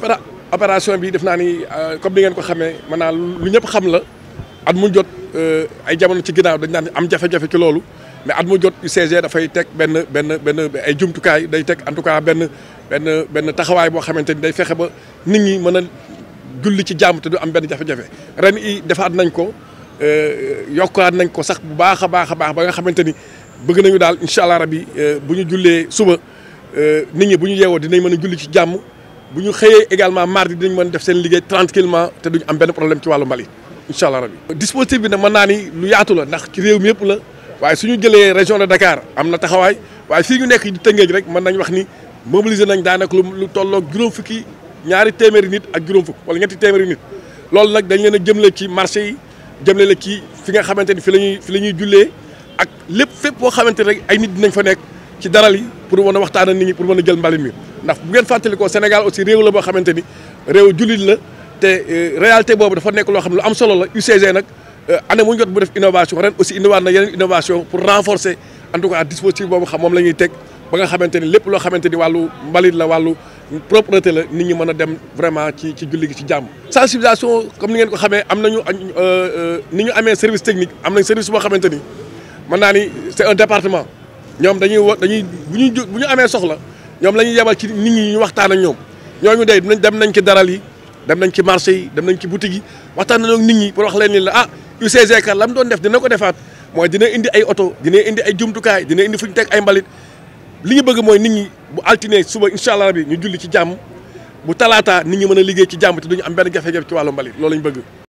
opéra opération bi def naa ni euh, comme ni ngeen ko xamee maanaam lu ñëpp xam la at mu jot euh, ay jamono ci ginnaaw dañ naan am jafe-jafe ci loolu mais at mu jot dafay teg benn benn benn ay jumtukaay day teg en tout cas benn benn taxawaay boo xamante ni day fexe ba nit ñi mën a julli ci jàmm te du am benn jafe-jafe ren i defaat nañ ko euh, yokkaat nañ ko sax bu baax a baax a baax ba nga xamante ni bëgg nañu daal incha allah rabi bu ñu jullee suba nit ñi bu ñu yeewoo dinañ mën a julli ci jàmm. bu ñu xëyee également mardi dinañ mën def seen liggéey tranquillement te duñu am benn problème ci wàllu mbalit incha allah rabi. dispositif bi nag mën naa ni lu yaatu la ndax ci réew mi yëpp la waaye su ñu jëlee région de Dakar am na taxawaay waaye fii ñu nekk di Tëngéej rek mën nañ wax ni mobiliser nañ daanaka lu lu tolloog juróom fukki ñaari téeméeri nit ak juróom fukk wala ñetti téeméeri nit loolu nag dañ leen a jëmle ci marché yi jëmle la ci fi nga xamante ni fi la ñuy fi ñuy jullee ak lépp fépp boo xamante rek ay nit dinañ fa nekk ci daral yi pour mën a waxtaan ak nit ñi pour mën a jël mbalit mi ndax bu ngeen fàttalikoo Sénégal aussi réew la boo xamante ni réew jullit la te euh, réalité boobu dafa nekk loo xam am solo la UCG nag euh, année mu jot bu def innovation ren aussi innovaat na yeneen pour renforcer en tout cas dispositif boobu xam moom la ñuy teg nga xamante ni lépp xamante ni wàllu mbalit la wàllu propreté la nit ñi mën a dem vraiment ci ci julli gi ci jàmm. sensibilisation comme ni ngeen ko xamee am nañu euh, ni ñu amee service technique am nañ service boo xamante ni mën naa ni c'est un département. ñoom dañuy wa dañuy bu ñu bu ñu amee soxla ñoom la ñuy yebal ci nit ñi ñu waxtaan a ñoom ñooñu day dem nañ ci daral yi dem nañ ci marché yi dem nañ ci boutique yi waxtaan nañoo ak nit ñi pour wax leen la a ah, UCG kat la mu doon def dina ko defaat mooy dina indi ay oto dina indi ay jumtukaay dina indi fu ñu teg ay mbalit li ñu bëgg mooy nit ñi bu altinee suba incha allah bi ñu julli ci jàmm bu talaataa nit ñi mën a liggéey ci jàmm te duñu am benn jafe-jafe ci wàllu mbalit bëgg